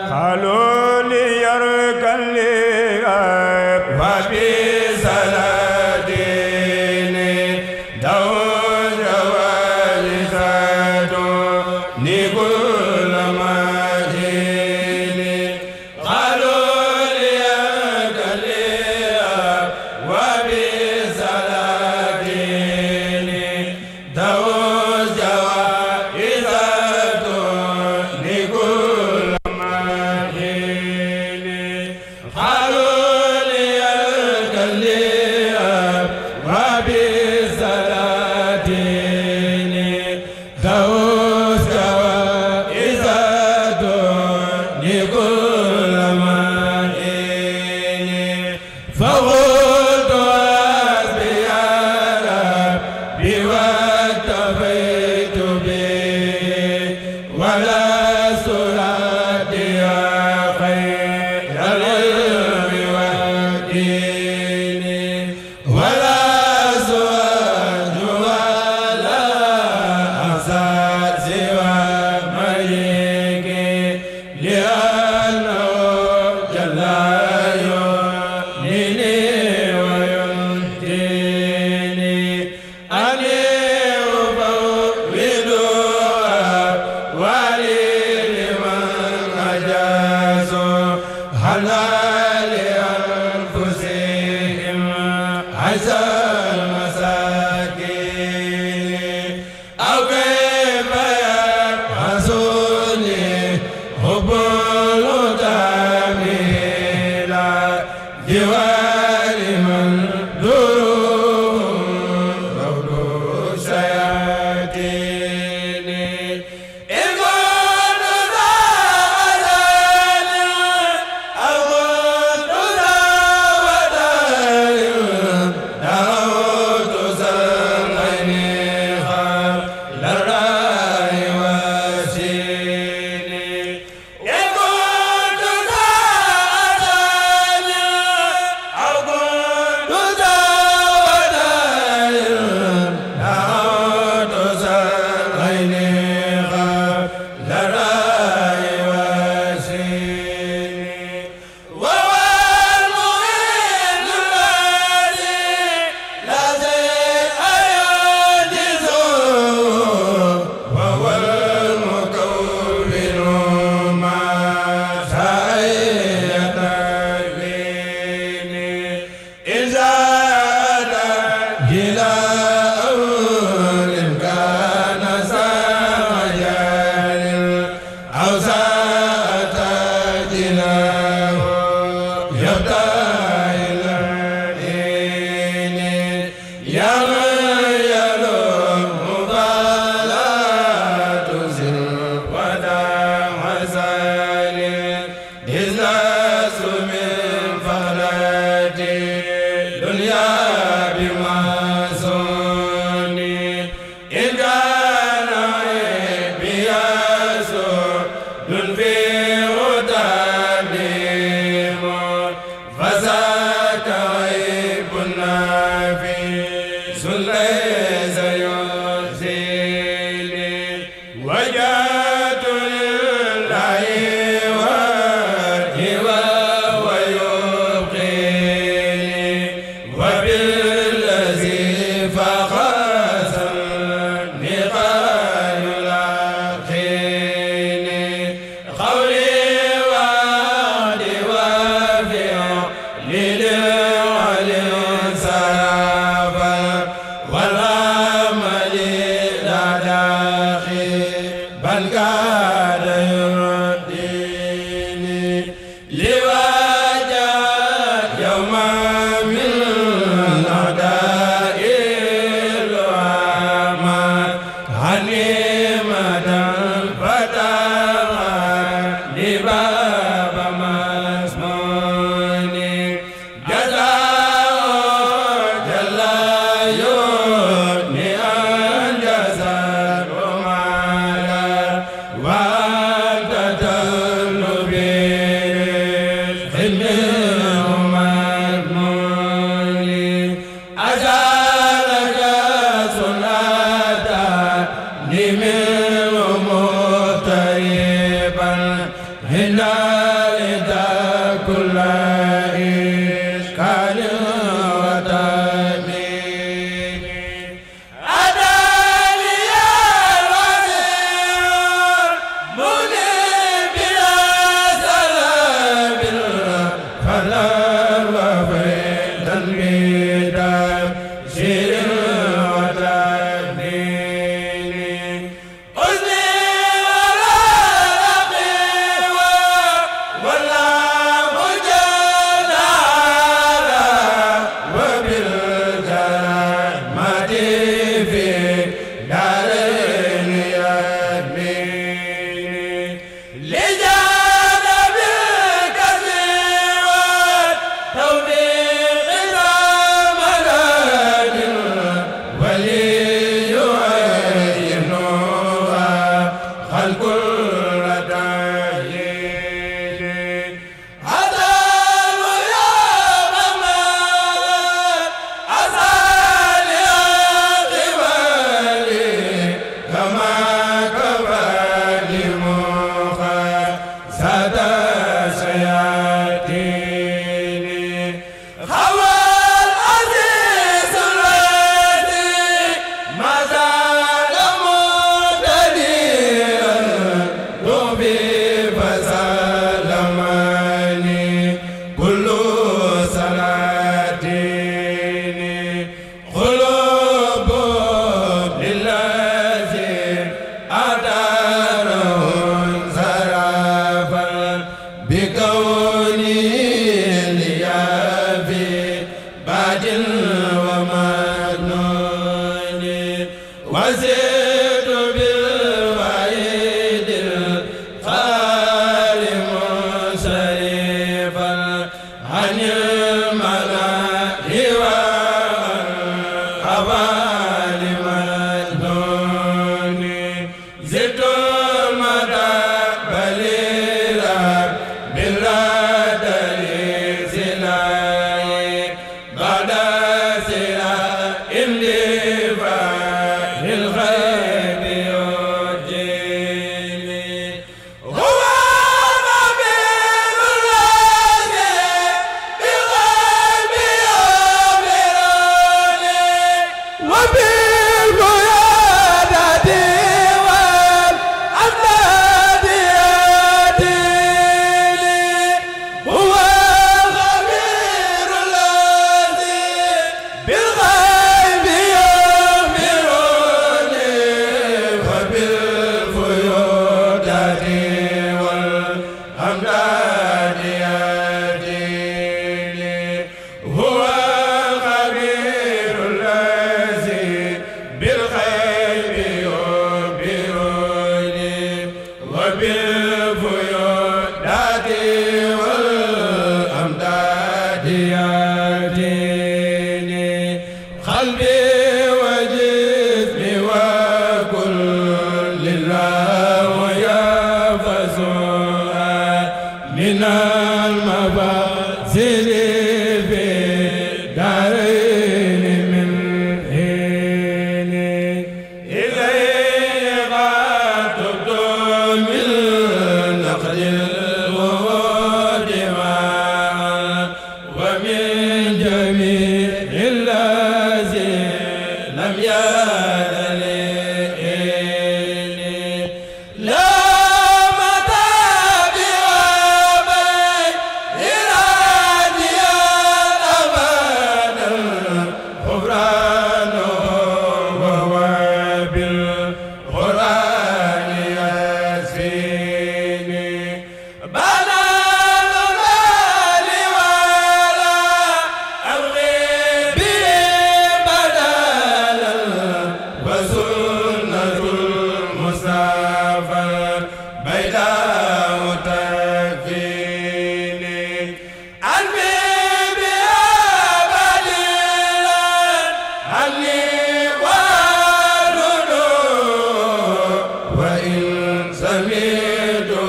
xaloli yarkan li la kunna yo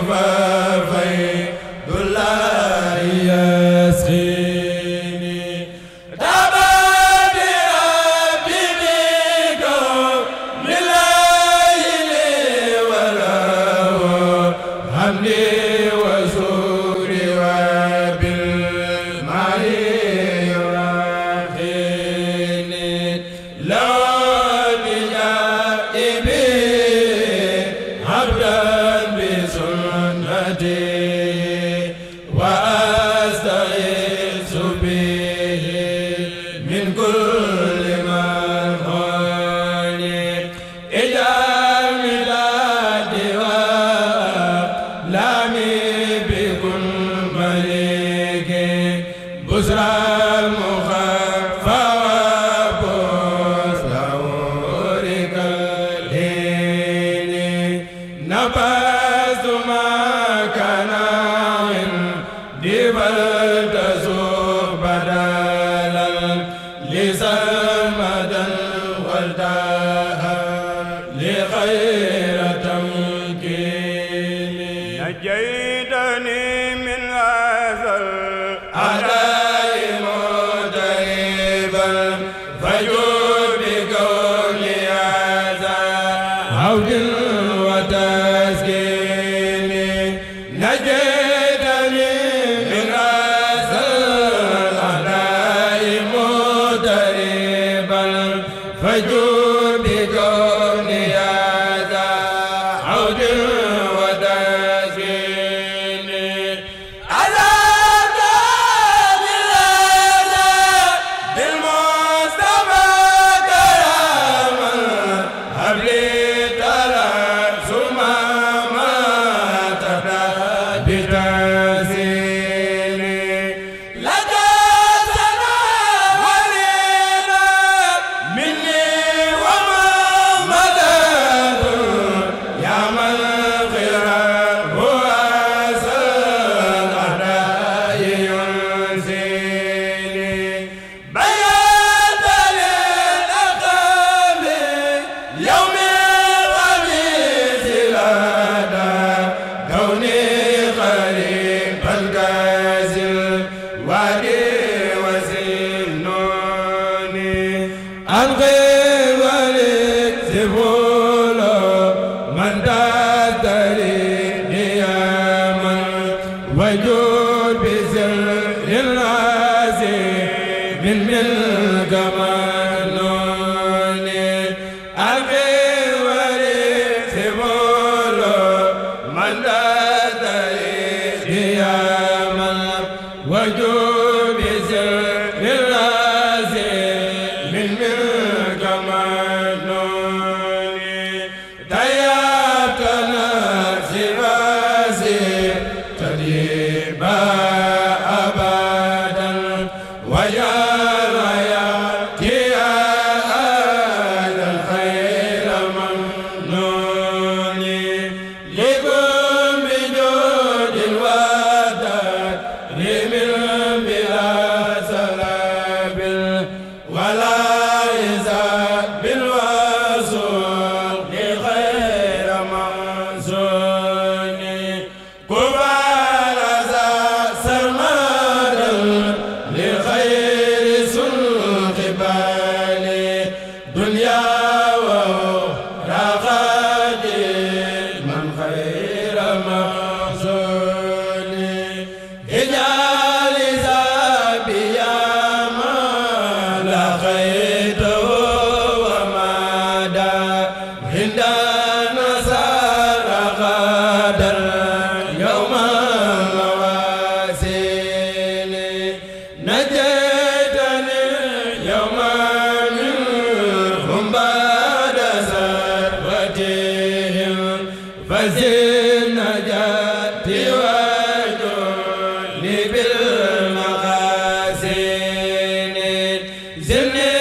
ma de wa bi zeme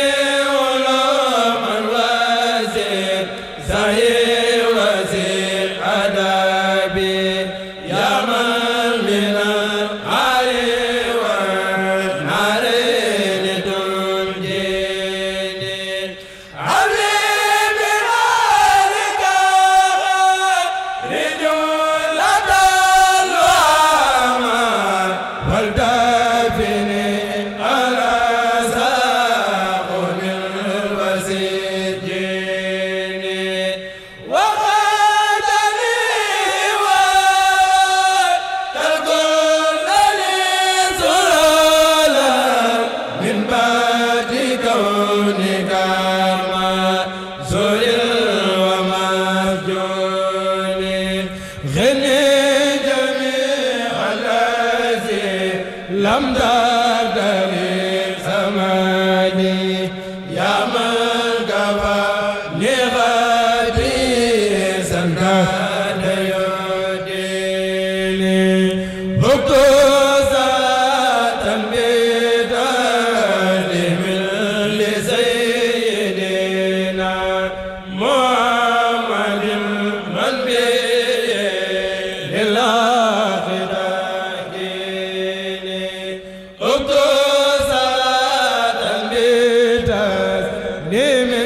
yaa ne